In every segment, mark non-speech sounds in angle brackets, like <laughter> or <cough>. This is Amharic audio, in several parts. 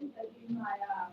你在己买呀。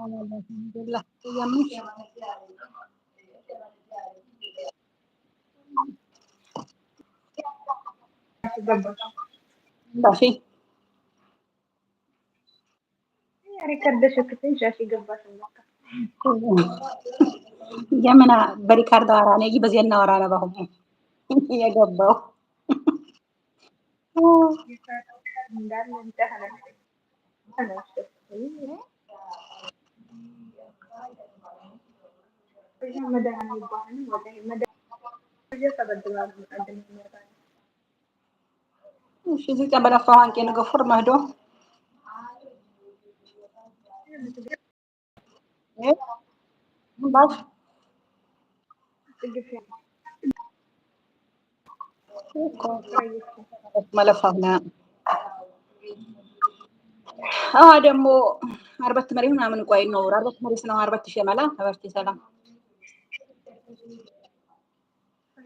Alhamdulillah. የምን በሪካርድ አወራ ነው በዜና አወራ ነው። አሁን የገባው እዚህ ቀበለፋ ዋንቄ ንግፉር መህዶ መለፋና አዎ ደግሞ አርበት መሪ ምናምን ቆይ ነው አርበት መሪ ስነው አርበት ሸመላ አበርቲ ሰላም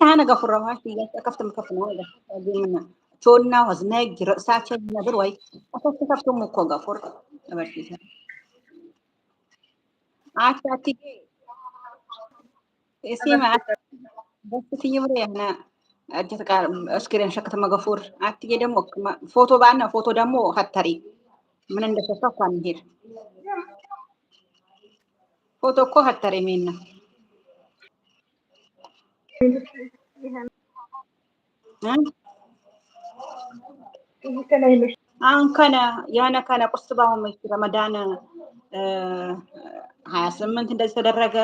كان غفر الله كفت مكفن ولا دينا تونا وزناج رأساتي نبر وي أخذت كفت مكو غفر أبرتيها عاتاتي اسمع بس في يمري هنا እጀት ቃል እስክሪን ሸክተመ ገፉር አትዬ ደግሞ ፎቶ ባና ፎቶ ደግሞ ከተሪ ምን እንደሸፈ እኳ እንሄድ ፎቶ እኮ ከተሪ ሜና አሁን ከነ የሆነ ከነ ቁርስ በአሁን መች ረመዳን ሀያ ስምንት እንደዚህ ተደረገ።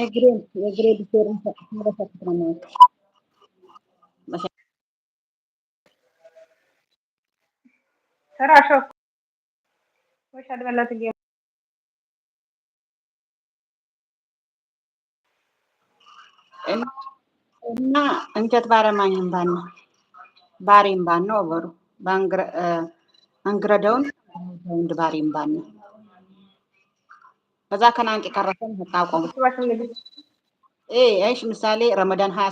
የግሬድ የግሬድ ዲፌረንስ ነው ಸರ್ ಅಶೋಕ್ ಬಹುಶಃ ಅದೆಲ್ಲ ತೆಗಿಯ እና እንጨት ባረማኝ እምባን ነው ባሪ እምባን ነው ወበሩ አንግረደውን ወንድ ባሪ እምባን ነው ከዛ ከናንቅ ቀረሰን ህቃቆሙ ይሽ ምሳሌ ረመዳን ሀያ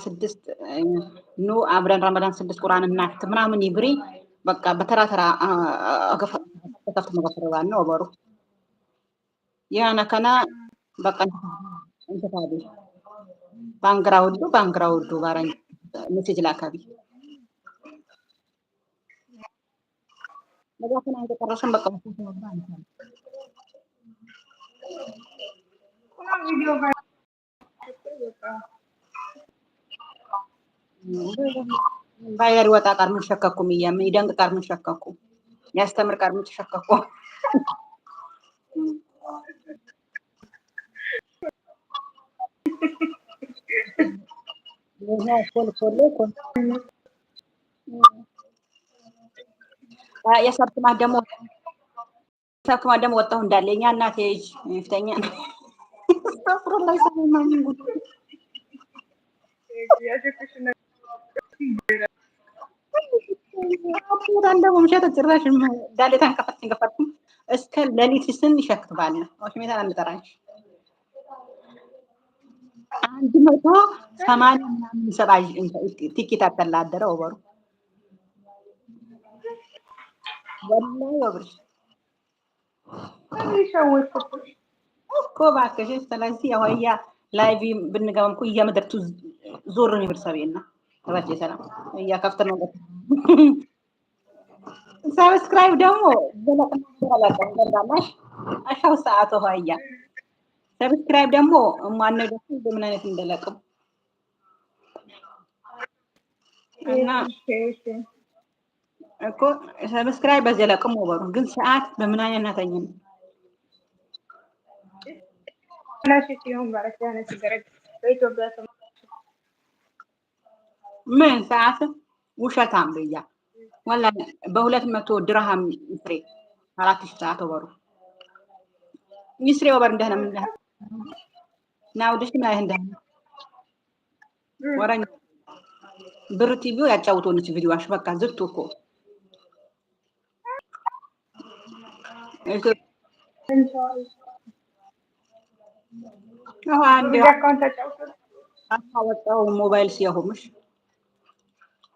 ኑ አብረን ረመዳን ስድስት ቁርአን እናክት ምናምን ይብሪ በቃ በተራ ተራ ገፈረዋነ ወበሩ ያነ ከና በቃ እንትታቤ ባንግራ ውዱ ባንግራ ውዱ ጋራ ሜሴጅ ላከቢ ነገትን አንተቀረሰን በቃ ቪዲዮ ባይር ወጣ ቀርምን ሸከኩ ምያ ምን ይደንቅ ቀርምን ሸከኩ ያስተምር ቀርምን ተሸከኩ <laughs> የሰብት ማት ደግሞ ሰብት ደግሞ ወጣሁ እንዳለ የኛ እናቴ ልጅ ፍተኛ ላይ <laughs> <laughs> አቡታን ደግሞ ምሸት ጭራሽ ዳሌታን ከፈት ከፈት እስከ ሌሊት ስንት ይሸክባል። ኦሽሜታን አንጠራሽ አንድ መቶ ሰማንያ ሰባ ቲኬት አጠላ አደረ ወላሂ ወብርሽ እኮ እባክሽ። ስለዚህ ያው ያ ላይቭ ብንገባም እኮ እያመደርቱ ዞር ነው ይብር ሰቤና እባክህ ሰላም እያከፍት ነው። ሰብስክራይብ ደግሞ በለቅላቀሽ አሻው ሰዓት ሆያ ሰብስክራይብ ደግሞ ማነ ደሞ በምን አይነት እንደለቅም እኮ ሰብስክራይብ በዚህ ለቅም ወበሩ ግን ሰዓት በምን አይነት እናተኝ ነው ናሽ ሲሆን ማለት ያነ ሲደረግ በኢትዮጵያ ምን ሰዓት ውሸታም ብያ ወላ በሁለት መቶ ድርሃም ይስሬ አራት ሺህ ሰዓት ወበሩ ይስሬ ወበር እንደህነ ምን ናውድሽ ምን አይህ እንደህነ ወረኛ ብር ቲቪ ያጫውቶንች ቪዲዮሽ በቃ ዝቱ እኮ አሁን አንዴ አካውንት ሞባይል ሲያሆምሽ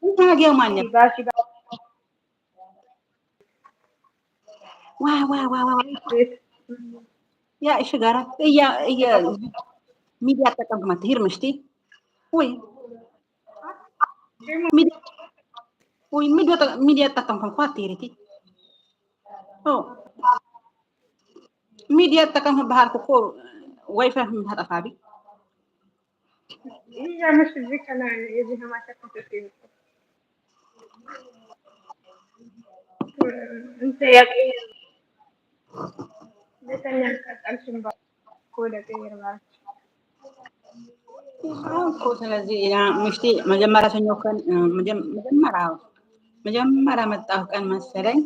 Pague amanhã. ዋ ዋ ዋ ዋ ያ እሺ ጋራ እያ እያ ሚዲያ አጠቀምኩማ ትሄድ ምሽቲ ወይ ወይ ሚዲያ አጠቀምኩ እንኳ አትሄድቲ ሚዲያ አጠቀምኩ ባህልኩ እኮ ዋይፋይ ምታጠፋቢ እያ ምሽ ዝከና የዚህ ማሰከተት ስለዚህ ምሽቴ መጀመሪያ ሰኞ ቀን መጀመሪያ መጀመሪያ መጣሁ ቀን መሰለኝ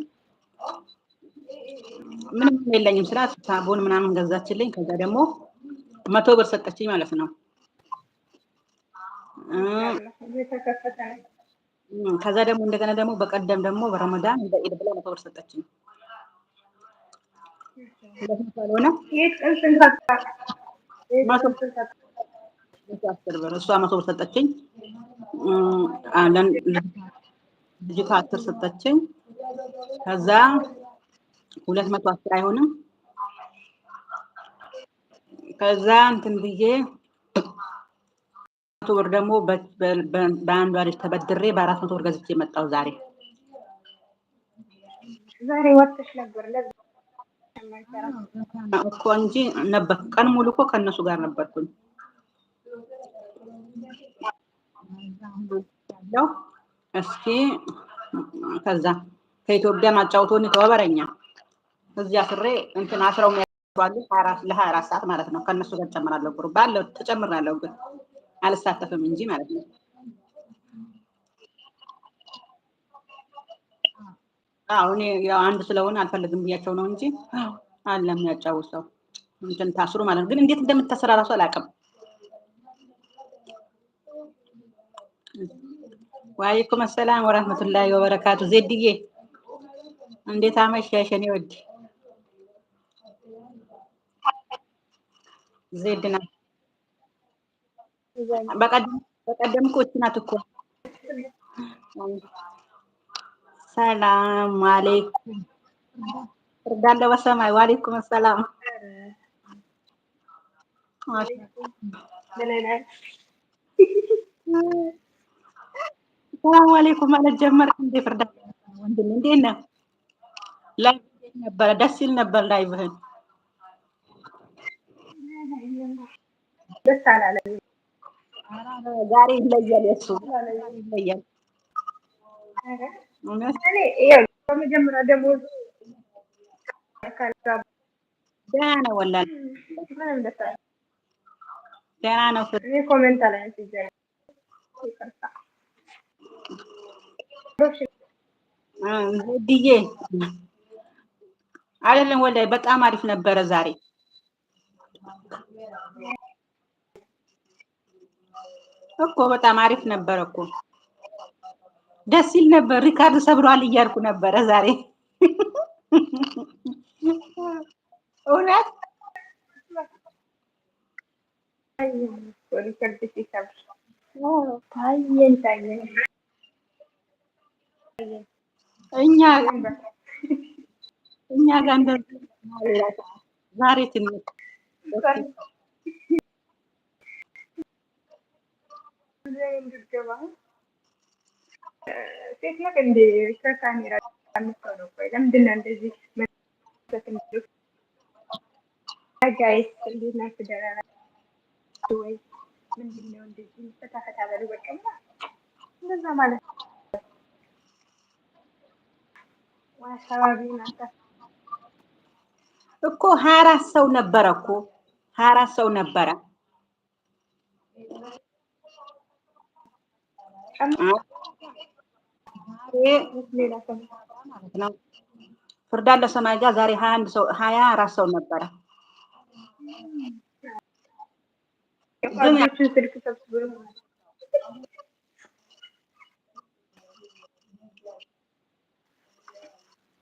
ምንም የለኝም ስራ ሳቡን ምናምን ገዛችልኝ። ከዛ ደግሞ መቶ ብር ሰጠችኝ ማለት ነው። ከዛ ደግሞ እንደገና ደግሞ በቀደም ደግሞ በረመዳን በኢድ ብላ መቶ ብር ሰጠችኝ። ስለሆነ እሷ መቶ ብር ሰጠችኝ፣ ልጅቷ አስር ሰጠችኝ። ከዛ ሁለት መቶ አስር አይሆንም። ከዛ እንትን ብዬ መቶ ብር ደግሞ በአንድ ልጅ ተበድሬ በአራት መቶ ብር ገዝቼ የመጣው ዛሬ ዛሬ ወጥተሽ ነበር እኮ እንጂ ነበር። ቀን ሙሉ እኮ ከእነሱ ጋር ነበርኩኝ። እስኪ ከዛ ከኢትዮጵያ ማጫውቶን ተወበረኛ እዚያ ስሬ እንትን አስረው የሚያሉ ለሀያ አራት ሰዓት ማለት ነው። ከእነሱ ጋር ጨምራለሁ። ባለው ተጨምራለሁ ግን አልሳተፍም እንጂ ማለት ነው። አሁን ያው አንዱ ስለሆነ አልፈልግም ብያቸው ነው እንጂ አለ የሚያጫውሰው እንትን ታስሩ ማለት ነው። ግን እንዴት እንደምታሰራ ራሱ አላውቅም። ዋሌኩም አሰላም ወራህመቱላሂ ወበረካቱ። ዜድዬ እንዴት አመሻሽ? የኔ ወድ ዜድና በቀደም በቀደም እኮ ናት እኮ። ሰላም አለይኩም እርዳለሁ። በሰማይ ዋሌኩም ሰላም ሰላም አለይኩም ማለት ጀመርክ እንዴ? ፍርዳ ወንድም እንዴት ነህ? ላይ ነበረ ደስ ይል ነበር። ላይ ብህን ደስ አላለኝ ጋሪ ይለያል። የእሱ ይለያል። በመጀመሪያ ደግሞ ደህና ነው ወላሂ ደህና ነው። ኮሜንት ላይ ዜድዬ አይደለም ወላሂ በጣም አሪፍ ነበረ ዛሬ እኮ በጣም አሪፍ ነበር እኮ ደስ ይል ነበር። ሪካርድ ሰብሯል እያልኩ ነበረ ዛሬ እውነት እኛ እኛ ጋር እንደዚህ ዛሬ ትንሽ ላይ እንድትገባ ሴት ነህ እንዴ? ከካሜራ ምትሆነው ቆይ፣ ለምንድን ነው እንደዚህ ጋይስ? እንዴት ናችሁ? ደህና ናችሁ ወይ? ምንድን ነው እንደዚህ ፈታ ፈታ በሉ በቃ እንደዛ ማለት ነው። እኮ ሀያ አራት ሰው ነበረ እኮ ሀያ አራት ሰው ነበረ። ፍርዳን ለሰማይ ጋር ዛሬ ሀያ አንድ ሰው ሀያ አራት ሰው ነበረ።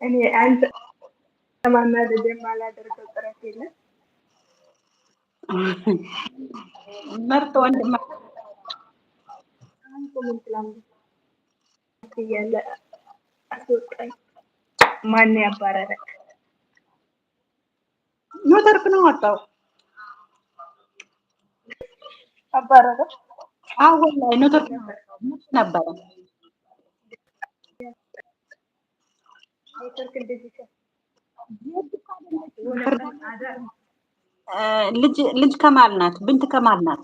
እኔ አንተ ለማናደድ የማላደርገው ጥረት የለም። ምርጥ ወንድም ኮሜንት ላምጣት እያለ አስወጣኝ። ማን ያባረረክ? ዮተርክ ነው አጣው አባረረ። አሁን ላይ ኖተርክ ነበረ ልጅ ከማል ናት፣ ብንት ከማል ናት።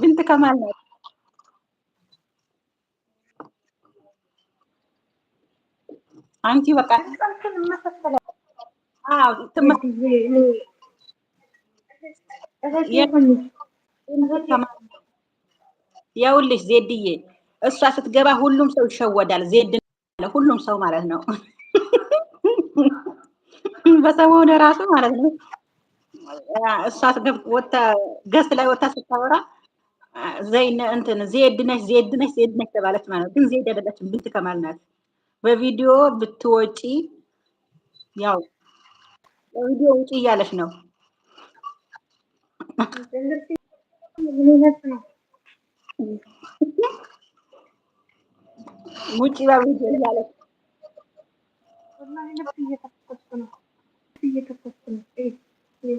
ብንት ከማል ናት። አንቲ በቃ የውልሽ ዜድዬ እሷ ስትገባ ሁሉም ሰው ይሸወዳል። ዜድ ሁሉም ሰው ማለት ነው። በሰሞኑ ራሱ ማለት ነው እሷ ገስት ላይ ወታ ስታወራ ዘይነ እንትን ዜድ ነሽ ዜድ ነሽ ዜድ ነሽ ተባለች ማለት ነው። ግን ዜድ አይደለችም፣ ብንት ከማል ናት። በቪዲዮ ብትወጪ ያው በቪዲዮ ውጪ እያለች ነው። ውጪ በቪዲዮ እያለች ነው።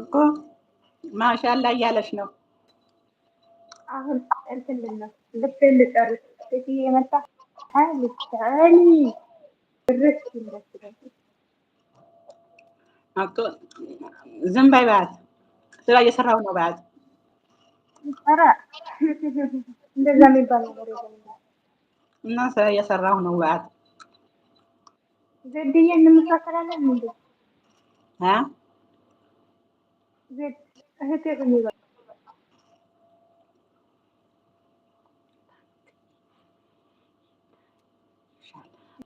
እኮ ማሻላ እያለች ነው። አሁን እንትን ነው ልብ ልጨርስ ሴትዬ የመጣ ሀይልቻሊ ድረስ ይመስለኝ ዝም በይ በያት፣ ስራ እየሰራው ነው በያት። እንደዛ የሚባል ነገር እና ስራ እየሰራሁ ነው በያት። ዘድዬ እንመሳሰላለን እንዴ? እህቴ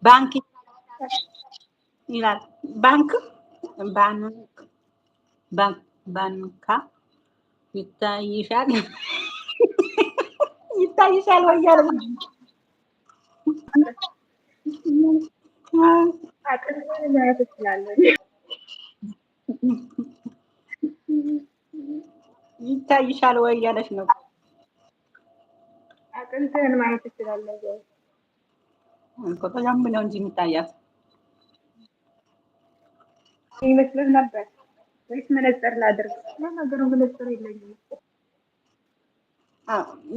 ባንክ ይላል። ባንክ ባንካ ይታይሻል ይታይሻል ወይ እያለ ማለት ይታይሻል ወይ እያለች ነው። አጥንትህን ማየት ትችላለህ። በደንብ ነው እንጂ የሚታያት ይመስልህ ነበር ወይስ መነጽር ላድርግ? ለነገሩ መነጽር የለኝም።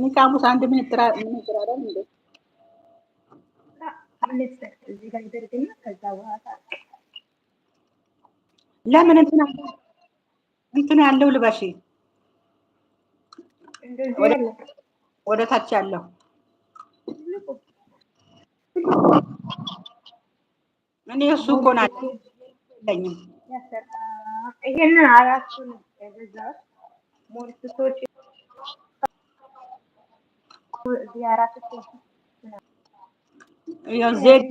ሚካሙስ አንድ ምንጥራ አይደል እንዴ? መነጽር እዚህ ላይ ደርግና ከዛ በኋላ ለምን እንትን እንትን ያለው ልበሽ ወደ ታች ያለው እኔ እሱ እኮ ናቸው ይሄንን አራቱን ዜድ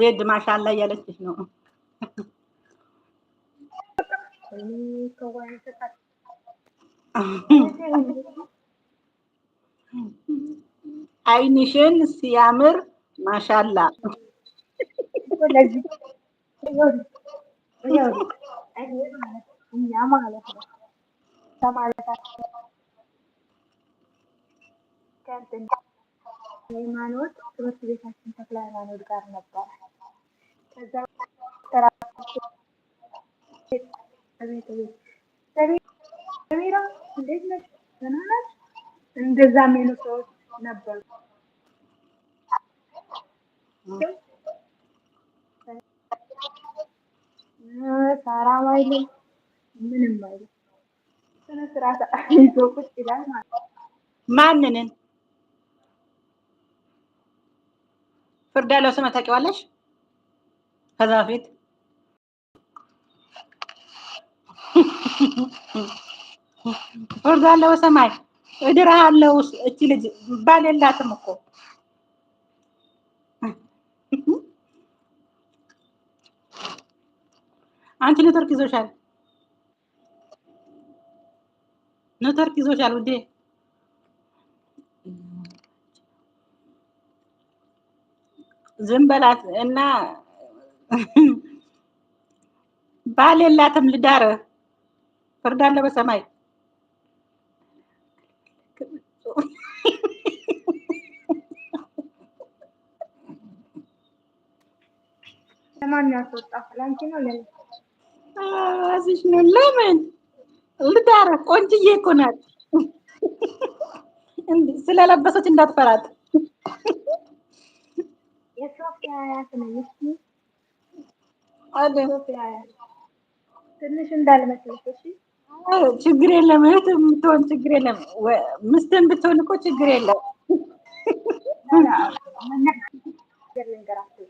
ዜድ ማሻላ እያለችሽ ነው። <laughs> አይንሽን ሲያምር ማሻላ እኛ ማለት ነው ከማለታችን ሃይማኖት ትምህርት ቤታችን ተክለ ሃይማኖት ጋር ነበረ። ከዛ ከቤት ቤት ከቤራ እንዴት ነሽ? ደህና ነሽ? እንደዛ የሚሉ ሰዎች ነበሩ። ሳራም አይልም ምንም አይልም። ስነ ስርዓት ይዞ ቁጭ ይላል ማለት ነው። ማንንን ፍርድ ያለው ስመ ታውቂዋለሽ ከዛ በፊት ወርዳለሁ ሰማይ እድርሃለሁ። እቺ ልጅ ባል የላትም እኮ አንቺ ኔትወርክ ይዞሻል፣ ኔትወርክ ይዞሻል ውዴ። ዝም በላት እና ባል የላትም ልዳር ፍርድ አለ በሰማይ ለማን ያስወጣ? ነው። ለምን ልዳረ ቆንጅዬ እኮ ናት። ስለለበሰች እንዳትፈራት ትንሽ እንዳልመስለሽ ችግር የለም እህት የምትሆን ችግር የለም። ምስትን ብትሆን እኮ ችግር የለም።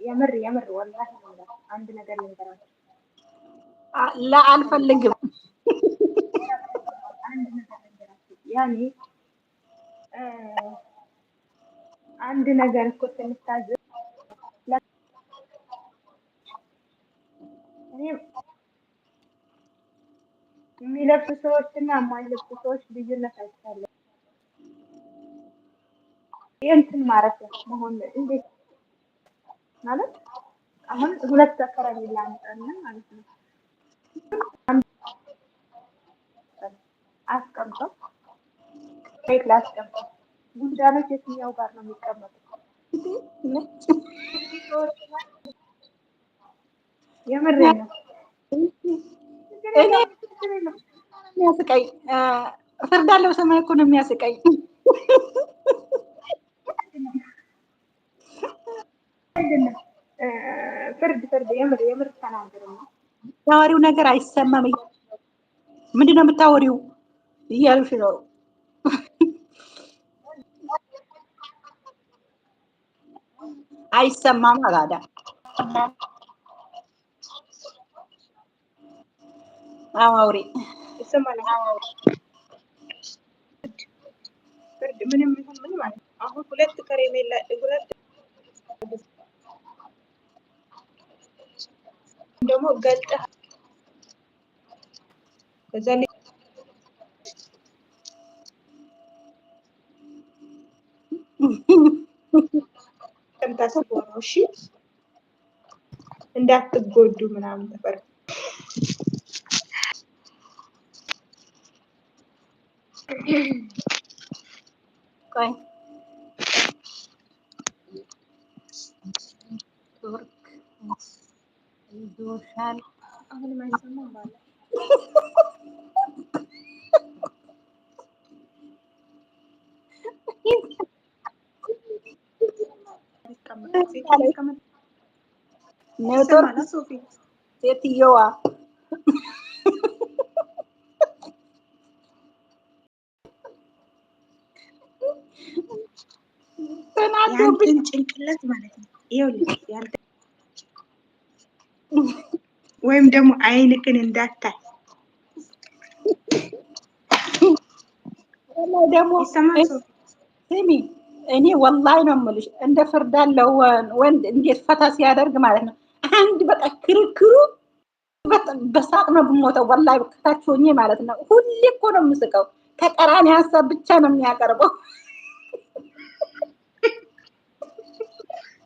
የምር የምር ወላሂ አንድ ነገር ልንገራችሁ። አልፈልግም ያኔ አንድ ነገር እኮ ስንታዘብ የሚለብሱ ሰዎች እና የማይለብሱ ሰዎች ልዩነት አይቻለን። ይህንትን ማለት መሆን እንዴት ማለት አሁን ሁለት ተከራሪ ላንጠንን ማለት ነው አስቀምጠው ቤት ላስቀምጠው ጉንዳኖች የትኛው ጋር ነው የሚቀመጡት? የምሬ ነው። የሚያስቀኝ ፍርድ አለው ሰማይ እኮ ነው የሚያስቀኝ። ፍርድ ፍርድ የምር የምር ተናገር ታወሪው ነገር አይሰማም። ምንድን ነው የምታወሪው እያሉሽ ነው። አይሰማም አላዳ አውሪ ምንም ይሁን ምን ማለት ነው። አሁን ሁለት ከረሜላ ሁለት ደግሞ ገልጠህ ከዛ ከምታሰብ ሆነው እሺ እንዳትጎዱ ምናምን ተፈር Okay. Turk. Dushan. Ako naman sa mga Neutral. ah. ያንተን ጭንቅላት ማለት ነው። ይኸውልህ ያንተ <laughs> ወይም ደግሞ አይንክን እንዳታይ ደግሞ ስሚ፣ እኔ ወላሂ ነው የምልሽ እንደ ፍርድ አለው ወንድ እንዴት ፈታ ሲያደርግ ማለት ነው። አንድ በቃ ክርክሩ በሳቅ ነው ብሞተው ወላሂ ከታች ሆኜ ማለት ነው። ሁሌ እኮ ነው የምስቀው። ተቀራኒ ሀሳብ ብቻ ነው የሚያቀርበው።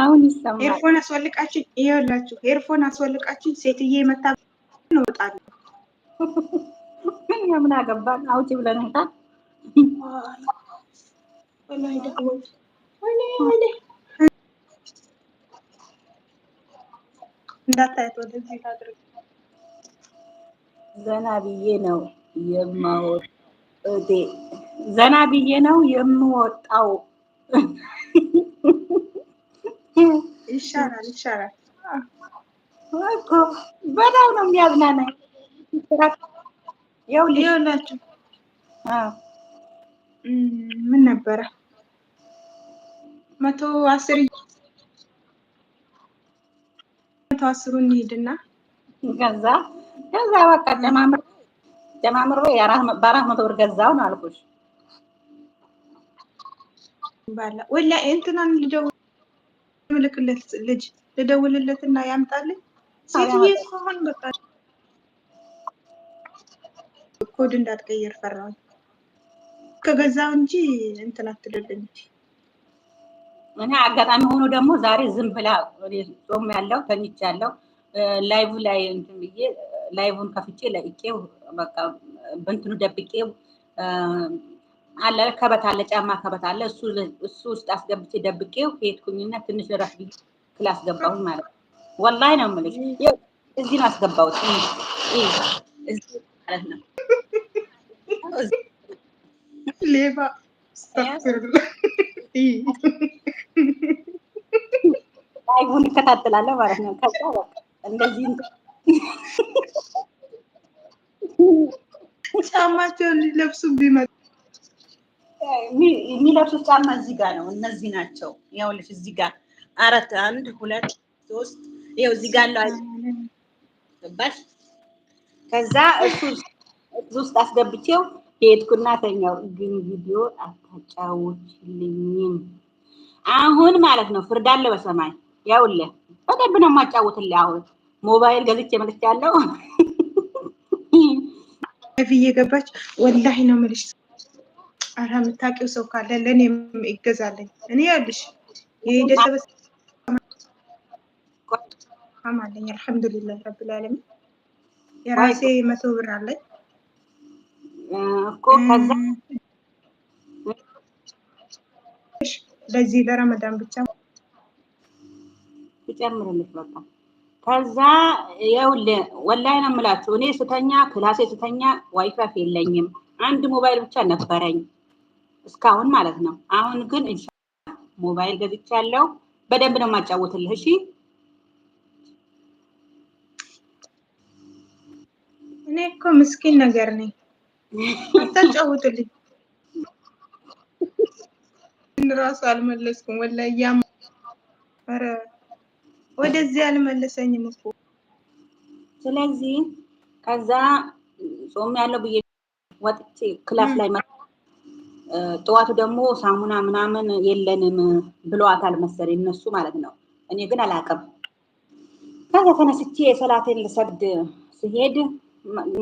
አሁን ይሰማል። ኤርፎን አስወልቃችሁ ይኸውላችሁ፣ ኤርፎን አስወልቃችሁ ሴትዬ መታ እወጣለሁ። ምን አገባን? አውጪ ብለናታል። እንዳታያት ወደዚህ ታድርግ። ዘና ብዬ ነው የማወጣው። ዘና ብዬ ነው የምወጣው። ይሻላል ይሻላል። በጣም ነው የሚያዝናናኝ። ይኸውላችሁ ምን ነበረ መቶ አስር መቶ አስሩን እንሂድና ገዛ ገዛ በቃ ጀማምሮ ጀማምሮ በአራት መቶ ብር ገዛው ነው አልኩሽ። ወላሂ እንትናን ልደው የምልክለት ልጅ ልደውልለት እና ያምጣልኝ። ሴትዬ እስካሁን በቃ ኮድ እንዳትቀየር ፈራሁኝ። ከገዛው እንጂ እንትን አትልልኝ። እኔ አጋጣሚ ሆኖ ደግሞ ዛሬ ዝም ብላ ጾም ያለው ተኝች ያለው ላይቭ ላይ እንትን ብዬ ላይቭን ከፍቼ ለቄው በቃ በእንትኑ ደብቄው አለ ከበት አለ ጫማ ከበት አለ እሱ ውስጥ አስገብቼ ደብቄው ሄድኩኝና ትንሽ ረፍ ክላስ ገባሁኝ ማለት ነው። ወላሂ ነው የምልሽ። እዚህ ነው አስገባሁት ማለት ነው። ሌባ ላይቡን እከታተላለሁ ማለት ነው። ከዛ እንደዚህ ጫማቸውን ሊለብሱ ቢመጡ የሚለብሱት ጫማ እዚህ ጋር ነው። እነዚህ ናቸው። ይኸውልሽ እዚህ ጋር አራት አንድ ሁለት ሶስት ይኸው እዚህ ጋር አለው ገባሽ? ከዛ እሱ ውስጥ አስገብቼው ሄድኩና ተኛው። ግን ቪዲዮ አታጫውችልኝም አሁን ማለት ነው። ፍርድ አለ በሰማይ ያውልህ በደንብ ነው የማጫውትልህ። አሁን ሞባይል ገዝቼ መጥቻለሁ። ገባች ወላሂ ነው የምልሽ አረ የምታውቂው ሰው ካለ ለእኔ ይገዛለኝ። እኔ ያልሽ የደሰበስ አማለኝ አልሐምዱሊላህ የራሴ መቶ ብር አለኝ እኮ ለዚህ ለረመዳን ብቻ ትጨምርልሽ። በቃ ከዛ ይኸውልህ ወላይ ነው የምላችሁ እኔ ስተኛ ክላሴ ስተኛ ዋይፋይ የለኝም። አንድ ሞባይል ብቻ ነበረኝ። እስካሁን ማለት ነው። አሁን ግን ኢንሻላህ ሞባይል ገዝቻለሁ። በደንብ ነው የማጫወትልህ። እሺ እኔ እኮ ምስኪን ነገር ነኝ። አታጫውትልኝ እራሱ አልመለስኩም። ወላሂ ያም ወደዚህ አልመለሰኝም እኮ ስለዚህ ከዛ ጾም ያለው ብዬ ወጥቼ ክላስ ላይ ጥዋቱ ደግሞ ሳሙና ምናምን የለንም ብለዋታል መሰለኝ እነሱ ማለት ነው። እኔ ግን አላቅም። ከዛ ተነስቼ የሰላቴን ልሰግድ ስሄድ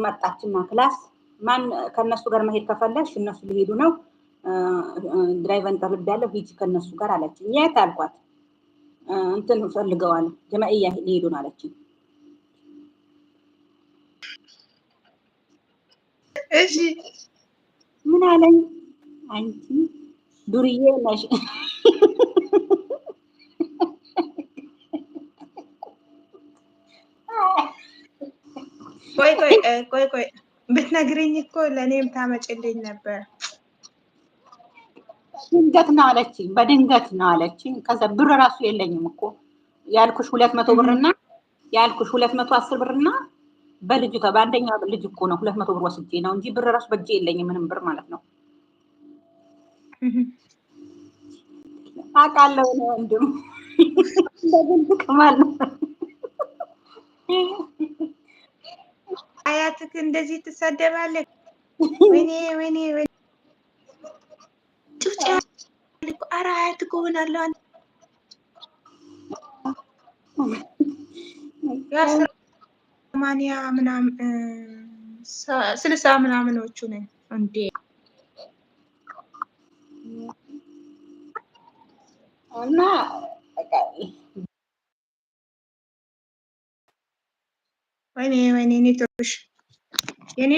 መጣችና ክላስ ማን ከነሱ ጋር መሄድ ከፈለሽ እነሱ ሊሄዱ ነው፣ ድራይቨን ጠርቤያለሁ፣ ሂጂ ከነሱ ጋር አለችኝ። የት አልኳት። እንትን ፈልገዋል ጀመእያ ሊሄዱ ነው አለችኝ። እሺ ምን አለኝ አንቺ ዱርዬ ነሽ። ቆይ ቆይ ቆይ ቆይ ብትነግሪኝ እኮ ለእኔም ታመጭልኝ ነበር። ድንገት ነው አለችኝ። በድንገት ነው አለችኝ። ከዛ ብር ራሱ የለኝም እኮ ያልኩሽ ሁለት መቶ ብርና ያልኩሽ ሁለት መቶ አስር ብርና በልጅቷ በአንደኛው ልጅ እኮ ነው ሁለት መቶ ብር ወስጄ ነው እንጂ ብር ራሱ በእጄ የለኝም ምንም ብር ማለት ነው። አውቃለሁ ነው ወንድም እንደግል ቅማል ነው። አያትክ እንደዚህ ትሳደባለህ? <laughs> ወይኔ ወይኔ ወይኔ ጩጫ ኧረ አያትክ እሆናለሁ አንተ ሰማንያ ምናምን ስልሳ ምናምኖቹ ነን እንዴ እና ወይኔ ወይኔ ኔ ጥሩሽ የኔ